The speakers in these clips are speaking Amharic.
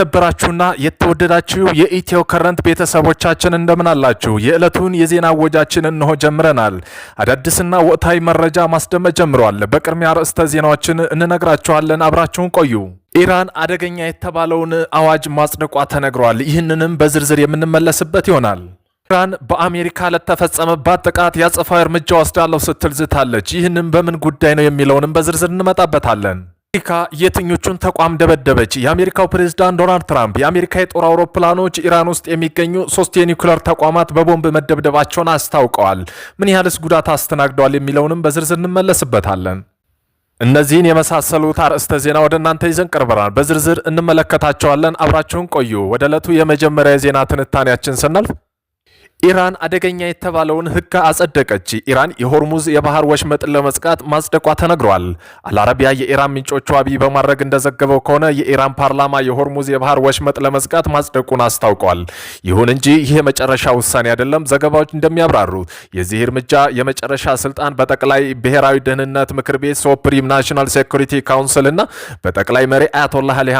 የተከበራችሁና የተወደዳችሁ የኢትዮ ከረንት ቤተሰቦቻችን እንደምን አላችሁ? የዕለቱን የዜና ወጃችን እንሆ ጀምረናል። አዳዲስና ወቅታዊ መረጃ ማስደመጥ ጀምረዋል። በቅድሚያ ርዕስተ ዜናዎችን እንነግራችኋለን። አብራችሁን ቆዩ። ኢራን አደገኛ የተባለውን አዋጅ ማጽደቋ ተነግሯል። ይህንንም በዝርዝር የምንመለስበት ይሆናል። ኢራን በአሜሪካ ለተፈጸመባት ጥቃት የአጸፋዊ እርምጃ ወስዳለሁ ስትል ዝታለች። ይህንም በምን ጉዳይ ነው የሚለውንም በዝርዝር እንመጣበታለን። አሜሪካ የትኞቹን ተቋም ደበደበች? የአሜሪካው ፕሬዝዳንት ዶናልድ ትራምፕ የአሜሪካ የጦር አውሮፕላኖች ኢራን ውስጥ የሚገኙ ሶስት የኒውክለር ተቋማት በቦምብ መደብደባቸውን አስታውቀዋል። ምን ያህልስ ጉዳት አስተናግደዋል የሚለውንም በዝርዝር እንመለስበታለን። እነዚህን የመሳሰሉት አርዕስተ ዜና ወደ እናንተ ይዘን ቀርበናል። በዝርዝር እንመለከታቸዋለን። አብራችሁን ቆዩ። ወደ ዕለቱ የመጀመሪያ የዜና ትንታኔያችን ስናልፍ ኢራን አደገኛ የተባለውን ሕግ አጸደቀች። ኢራን የሆርሙዝ የባህር ወሽመጥን ለመዝጋት ማጽደቋ ተነግሯል። አልአረቢያ የኢራን ምንጮች አብይ በማድረግ እንደዘገበው ከሆነ የኢራን ፓርላማ የሆርሙዝ የባህር ወሽመጥ ለመዝጋት ማጽደቁን አስታውቋል። ይሁን እንጂ ይህ የመጨረሻ ውሳኔ አይደለም። ዘገባዎች እንደሚያብራሩት የዚህ እርምጃ የመጨረሻ ስልጣን በጠቅላይ ብሔራዊ ደህንነት ምክር ቤት ሶፕሪም ናሽናል ሴኩሪቲ ካውንስል እና በጠቅላይ መሪ አያቶላህ አሊ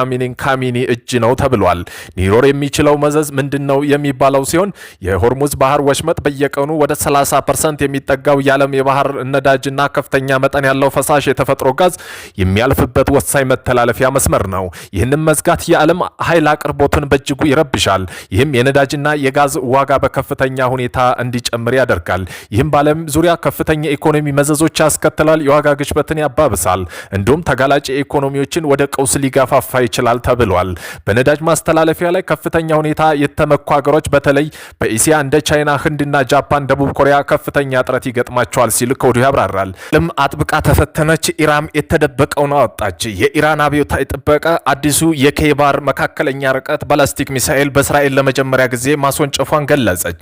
ካሚኒ እጅ ነው ተብሏል። ሊኖር የሚችለው መዘዝ ምንድን ነው የሚባለው ሲሆን የሆርሙዝ የሆኑት ባህር ወሽመጥ በየቀኑ ወደ 30 ፐርሰንት የሚጠጋው የዓለም የባህር ነዳጅና ከፍተኛ መጠን ያለው ፈሳሽ የተፈጥሮ ጋዝ የሚያልፍበት ወሳኝ መተላለፊያ መስመር ነው። ይህንም መዝጋት የዓለም ኃይል አቅርቦትን በእጅጉ ይረብሻል። ይህም የነዳጅና የጋዝ ዋጋ በከፍተኛ ሁኔታ እንዲጨምር ያደርጋል። ይህም በዓለም ዙሪያ ከፍተኛ ኢኮኖሚ መዘዞች ያስከትላል፣ የዋጋ ግሽበትን ያባብሳል፣ እንዲሁም ተጋላጭ ኢኮኖሚዎችን ወደ ቀውስ ሊጋፋፋ ይችላል ተብሏል። በነዳጅ ማስተላለፊያ ላይ ከፍተኛ ሁኔታ የተመኩ ሀገሮች በተለይ በኢሲያ እንደ ቻይና፣ ህንድና ጃፓን፣ ደቡብ ኮሪያ ከፍተኛ ጥረት ይገጥማቸዋል ሲል ከወዲሁ ያብራራል። ልም አጥብቃ ተፈተነች፣ ኢራም የተደበቀውን አወጣች። የኢራን አብዮታዊ ጥበቃ አዲሱ የኬባር መካከለኛ ርቀት ባላስቲክ ሚሳኤል በእስራኤል ለመጀመሪያ ጊዜ ማስወንጨፏን ገለጸች።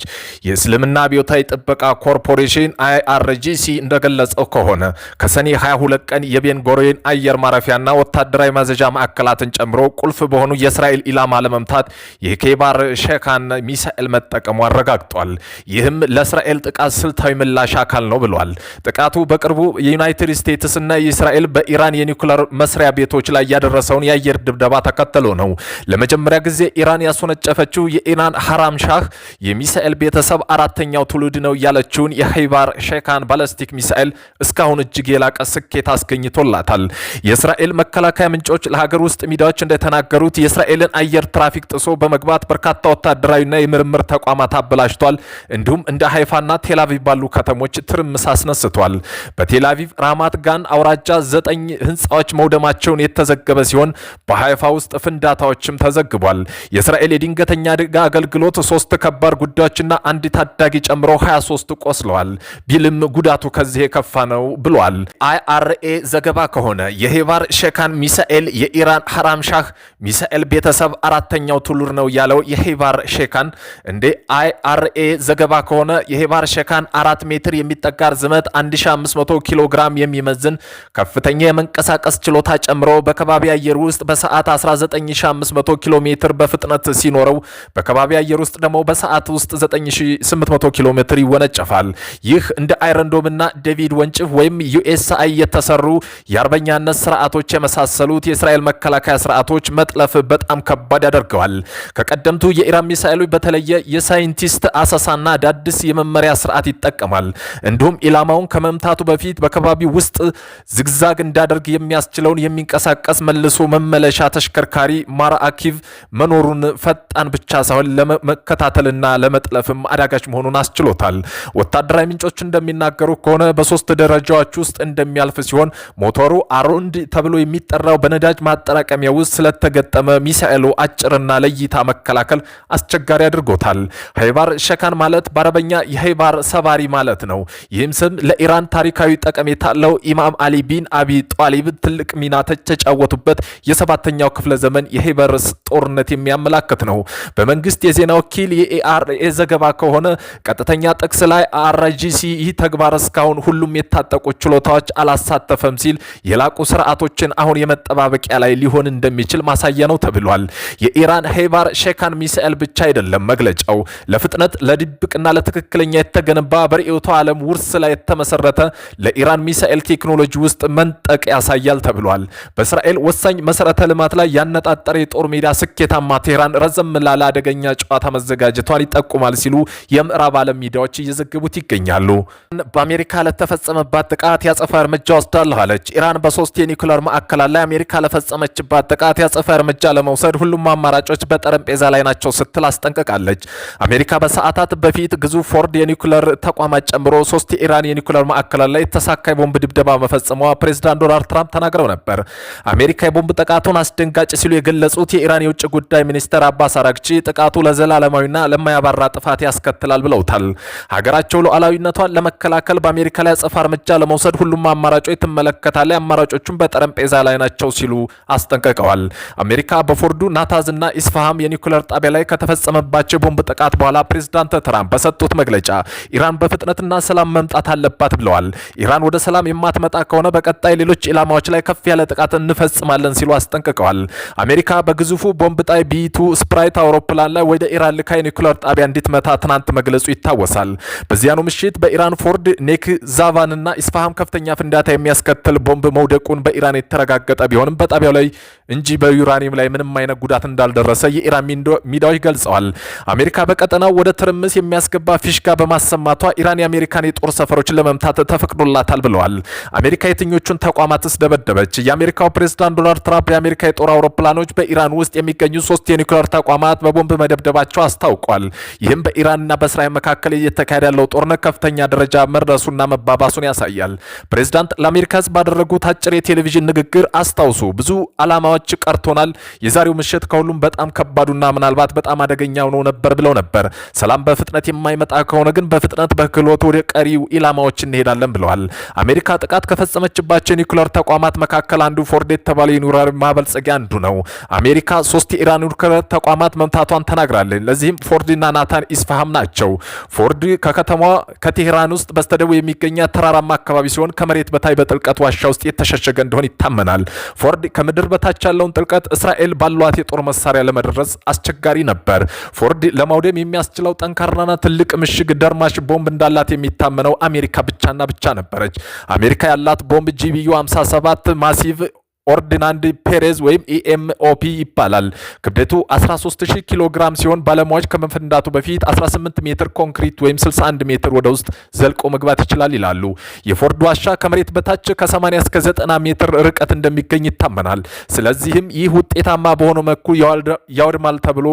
የእስልምና አብዮታዊ ጥበቃ ኮርፖሬሽን አይአርጂሲ እንደገለጸው ከሆነ ከሰኔ 22 ቀን የቤንጎሪዮን አየር ማረፊያና ወታደራዊ ማዘዣ ማዕከላትን ጨምሮ ቁልፍ በሆኑ የእስራኤል ኢላማ ለመምታት የኬባር ሸካን ሚሳኤል መጠቀሙ አረጋግጧል። አጋልጧል። ይህም ለእስራኤል ጥቃት ስልታዊ ምላሽ አካል ነው ብሏል። ጥቃቱ በቅርቡ የዩናይትድ ስቴትስ እና የእስራኤል በኢራን የኒውክለር መስሪያ ቤቶች ላይ ያደረሰውን የአየር ድብደባ ተከትሎ ነው። ለመጀመሪያ ጊዜ ኢራን ያስወነጨፈችው የኢራን ሐራም ሻህ የሚሳኤል ቤተሰብ አራተኛው ትውልድ ነው ያለችውን የሃይባር ሼካን ባለስቲክ ሚሳኤል እስካሁን እጅግ የላቀ ስኬት አስገኝቶላታል። የእስራኤል መከላከያ ምንጮች ለሀገር ውስጥ ሚዲያዎች እንደተናገሩት የእስራኤልን አየር ትራፊክ ጥሶ በመግባት በርካታ ወታደራዊና የምርምር ተቋማት አበላሽ ተዘጋጅቷል። እንዲሁም እንደ ሀይፋና ቴላቪቭ ባሉ ከተሞች ትርምስ አስነስቷል። በቴላቪቭ ራማት ጋን አውራጃ ዘጠኝ ህንፃዎች መውደማቸውን የተዘገበ ሲሆን በሀይፋ ውስጥ ፍንዳታዎችም ተዘግቧል። የእስራኤል የድንገተኛ አደጋ አገልግሎት ሶስት ከባድ ጉዳዮችና አንድ ታዳጊ ጨምሮ 23 ቆስለዋል ቢልም ጉዳቱ ከዚህ የከፋ ነው ብሏል። አይአርኤ ዘገባ ከሆነ የሄቫር ሼካን ሚሳኤል የኢራን ሐራም ሻህ ሚሳኤል ቤተሰብ አራተኛው ቱሉር ነው ያለው የሄቫር ሼካን እንዴ አይአር ኤ ዘገባ ከሆነ የሄባር ሸካን አራት ሜትር የሚጠጋ ርዝመት 1500 ኪሎ ግራም የሚመዝን ከፍተኛ የመንቀሳቀስ ችሎታ ጨምሮ በከባቢ አየር ውስጥ በሰዓት 19500 ኪሎ ሜትር በፍጥነት ሲኖረው በከባቢ አየር ውስጥ ደግሞ በሰዓት ውስጥ 9800 ኪሎ ሜትር ይወነጨፋል። ይህ እንደ አይረንዶምና ዴቪድ ወንጭፍ ወይም ዩኤስአይ የተሰሩ የአርበኛነት ስርዓቶች የመሳሰሉት የእስራኤል መከላከያ ስርዓቶች መጥለፍ በጣም ከባድ ያደርገዋል። ከቀደምቱ የኢራን ሚሳኤሎች በተለየ የሳይንቲስት አሰሳና አዳዲስ የመመሪያ ስርዓት ይጠቀማል። እንዲሁም ኢላማውን ከመምታቱ በፊት በከባቢ ውስጥ ዝግዛግ እንዳደርግ የሚያስችለውን የሚንቀሳቀስ መልሶ መመለሻ ተሽከርካሪ ማራ አኪቭ መኖሩን ፈጣን ብቻ ሳይሆን ለመከታተልና ለመጥለፍም አዳጋች መሆኑን አስችሎታል። ወታደራዊ ምንጮች እንደሚናገሩ ከሆነ በሶስት ደረጃዎች ውስጥ እንደሚያልፍ ሲሆን ሞተሩ አሮንድ ተብሎ የሚጠራው በነዳጅ ማጠራቀሚያ ውስጥ ስለተገጠመ ሚሳኤሉ አጭርና ለእይታ መከላከል አስቸጋሪ አድርጎታል። ሃይባር ሸካን ማለት በአረበኛ የሄይባር ሰባሪ ማለት ነው። ይህም ስም ለኢራን ታሪካዊ ጠቀሜታ አለው። ኢማም አሊ ቢን አቢ ጧሊብ ትልቅ ሚና ተጫወቱበት የሰባተኛው ክፍለ ዘመን የሄይበር ጦርነት የሚያመላክት ነው። በመንግስት የዜና ወኪል የኤአርኤ ዘገባ ከሆነ ቀጥተኛ ጥቅስ ላይ አራጂሲ ይህ ተግባር እስካሁን ሁሉም የታጠቁ ችሎታዎች አላሳተፈም ሲል የላቁ ስርዓቶችን አሁን የመጠባበቂያ ላይ ሊሆን እንደሚችል ማሳያ ነው ተብሏል። የኢራን ሄይባር ሼካን ሚሳኤል ብቻ አይደለም መግለጫው ለፍጥነት እምነት ለድብቅና ለትክክለኛ የተገነባ በርዕዮተ ዓለም ውርስ ላይ የተመሰረተ ለኢራን ሚሳኤል ቴክኖሎጂ ውስጥ መንጠቅ ያሳያል ተብሏል። በእስራኤል ወሳኝ መሰረተ ልማት ላይ ያነጣጠረ የጦር ሜዳ ስኬታማ ቴህራን ረዘም ላለ አደገኛ ጨዋታ መዘጋጀቷን ይጠቁማል ሲሉ የምዕራብ ዓለም ሚዲያዎች እየዘገቡት ይገኛሉ። በአሜሪካ ለተፈጸመባት ጥቃት ያጸፋ እርምጃ ወስዳለሁ አለች። ኢራን በሶስት የኒኩለር ማዕከላት ላይ አሜሪካ ለፈጸመችባት ጥቃት ያጸፋ እርምጃ ለመውሰድ ሁሉም አማራጮች በጠረጴዛ ላይ ናቸው ስትል አስጠንቅቃለች። አሜሪካ ከሰዓታት በፊት ግዙፍ ፎርድ የኒኩለር ተቋማት ጨምሮ ሶስት የኢራን የኒኩለር ማዕከላት ላይ ተሳካ የቦምብ ድብደባ መፈጸሟ ፕሬዚዳንት ዶናልድ ትራምፕ ተናግረው ነበር። አሜሪካ የቦምብ ጥቃቱን አስደንጋጭ ሲሉ የገለጹት የኢራን የውጭ ጉዳይ ሚኒስትር አባስ አራግቺ ጥቃቱ ለዘላለማዊና ለማያባራ ጥፋት ያስከትላል ብለውታል። ሀገራቸው ሉዓላዊነቷን ለመከላከል በአሜሪካ ላይ አጸፋ እርምጃ ለመውሰድ ሁሉም አማራጮች ትመለከታለች፣ አማራጮቹም በጠረጴዛ ላይ ናቸው ሲሉ አስጠንቅቀዋል። አሜሪካ በፎርዱ ናታዝ እና ኢስፋሃም የኒኩለር ጣቢያ ላይ ከተፈጸመባቸው የቦምብ ጥቃት በኋላ ፕሬዝዳንት ትራምፕ በሰጡት መግለጫ ኢራን በፍጥነትና ሰላም መምጣት አለባት ብለዋል። ኢራን ወደ ሰላም የማትመጣ ከሆነ በቀጣይ ሌሎች ኢላማዎች ላይ ከፍ ያለ ጥቃት እንፈጽማለን ሲሉ አስጠንቅቀዋል። አሜሪካ በግዙፉ ቦምብ ጣይ ቢቱ ስፕራይት አውሮፕላን ላይ ወደ ኢራን ልካ የኒኩለር ጣቢያ እንዲትመታ ትናንት መግለጹ ይታወሳል። በዚያኑ ምሽት በኢራን ፎርድ ኔክ ዛቫንና ኢስፋሃም ከፍተኛ ፍንዳታ የሚያስከትል ቦምብ መውደቁን በኢራን የተረጋገጠ ቢሆንም በጣቢያው ላይ እንጂ በዩራኒየም ላይ ምንም አይነት ጉዳት እንዳልደረሰ የኢራን ሚዲያዎች ገልጸዋል። አሜሪካ በቀጠናው ወደ ትርምስ የሚያስገባ ፊሽካ በማሰማቷ ኢራን የአሜሪካን የጦር ሰፈሮችን ለመምታት ተፈቅዶላታል ብለዋል። አሜሪካ የትኞቹን ተቋማትስ ደበደበች? የአሜሪካው ፕሬዝዳንት ዶናልድ ትራምፕ የአሜሪካ የጦር አውሮፕላኖች በኢራን ውስጥ የሚገኙ ሶስት የኒኩሌር ተቋማት በቦምብ መደብደባቸው አስታውቋል። ይህም በኢራንና በእስራኤል መካከል እየተካሄደ ያለው ጦርነት ከፍተኛ ደረጃ መድረሱና መባባሱን ያሳያል። ፕሬዝዳንት ለአሜሪካ ህዝብ ባደረጉት አጭር የቴሌቪዥን ንግግር አስታውሱ፣ ብዙ አላማዎች ቀርቶናል። የዛሬው ምሽት ከሁሉም በጣም ከባዱና ምናልባት በጣም አደገኛ ሆኖ ነበር ብለው ነበር። ሰላም በፍጥነት የማይመጣ ከሆነ ግን በፍጥነት በክህሎት ወደ ቀሪው ኢላማዎች እንሄዳለን ብለዋል። አሜሪካ ጥቃት ከፈጸመችባቸው የኒኩለር ተቋማት መካከል አንዱ ፎርድ የተባለ የኑራር ማበልጸጊያ አንዱ ነው። አሜሪካ ሶስት የኢራን ኒውክለር ተቋማት መምታቷን ተናግራለች። ለዚህም ፎርድና ናታን ኢስፋሃም ናቸው። ፎርድ ከከተማ ከቴህራን ውስጥ በስተደቡብ የሚገኛ ተራራማ አካባቢ ሲሆን ከመሬት በታይ በጥልቀት ዋሻ ውስጥ የተሸሸገ እንደሆን ይታመናል። ፎርድ ከምድር በታች ያለውን ጥልቀት እስራኤል ባሏት የጦር መሳሪያ ለመድረስ አስቸጋሪ ነበር። ፎርድ ለማውደም የሚያስችለው ጠንካራና ትልቅ ምሽግ ደርማሽ ቦምብ እንዳላት የሚታመነው አሜሪካ ብቻና ብቻ ነበረች። አሜሪካ ያላት ቦምብ ጂቢዩ 57 ማሲቭ ኦርዲናንድ ፔሬዝ ወይም ኢኤምኦፒ e ይባላል። ክብደቱ 130 ኪሎ ግራም ሲሆን ባለሙያዎች ከመፈንዳቱ በፊት 18 ሜትር ኮንክሪት ወይም 61 ሜትር ወደ ውስጥ ዘልቆ መግባት ይችላል ይላሉ። የፎርድ ዋሻ ከመሬት በታች ከ80 እስከ 90 ሜትር ርቀት እንደሚገኝ ይታመናል። ስለዚህም ይህ ውጤታማ በሆነ መልኩ ያወድማል ተብሎ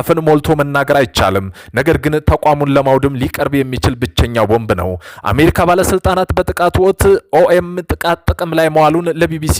አፍን ሞልቶ መናገር አይቻልም። ነገር ግን ተቋሙን ለማውደም ሊቀርብ የሚችል ብቸኛ ቦምብ ነው። አሜሪካ ባለስልጣናት በጥቃቱ ወቅት ኦኤም ጥቃት ጥቅም ላይ መዋሉን ለቢቢሲ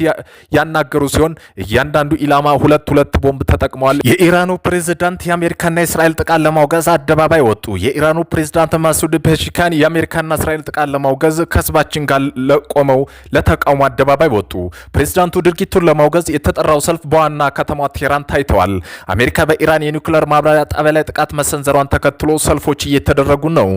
ያ ያናገሩ ሲሆን እያንዳንዱ ኢላማ ሁለት ሁለት ቦምብ ተጠቅመዋል። የኢራኑ ፕሬዝዳንት የአሜሪካና የእስራኤል ጥቃት ለማውገዝ አደባባይ ወጡ። የኢራኑ ፕሬዝዳንት ማሱድ ፔሽካን የአሜሪካና እስራኤል ጥቃት ለማውገዝ ከህዝባችን ጋር ለቆመው ለተቃውሞ አደባባይ ወጡ። ፕሬዝዳንቱ ድርጊቱን ለማውገዝ የተጠራው ሰልፍ በዋና ከተማ ቴህራን ታይተዋል። አሜሪካ በኢራን የኒውክሌር ማብራሪያ ጣቢያ ላይ ጥቃት መሰንዘሯን ተከትሎ ሰልፎች እየተደረጉ ነው።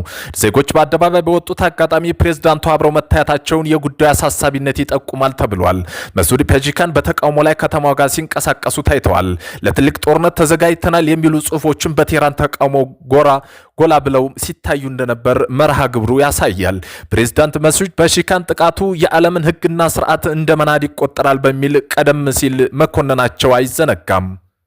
ዜጎች በአደባባይ በወጡት አጋጣሚ ፕሬዝዳንቱ አብረው መታየታቸውን የጉዳዩ አሳሳቢነት ይጠቁማል ተብሏል። መሱድ አሜሪካን በተቃውሞ ላይ ከተማዋ ጋር ሲንቀሳቀሱ ታይተዋል። ለትልቅ ጦርነት ተዘጋጅተናል የሚሉ ጽሁፎችን በቴህራን ተቃውሞ ጎራ ጎላ ብለው ሲታዩ እንደነበር መርሃ ግብሩ ያሳያል። ፕሬዚዳንት መስጅ በሺካን ጥቃቱ የዓለምን ሕግና ስርዓት እንደ መናድ ይቆጠራል በሚል ቀደም ሲል መኮንናቸው አይዘነጋም።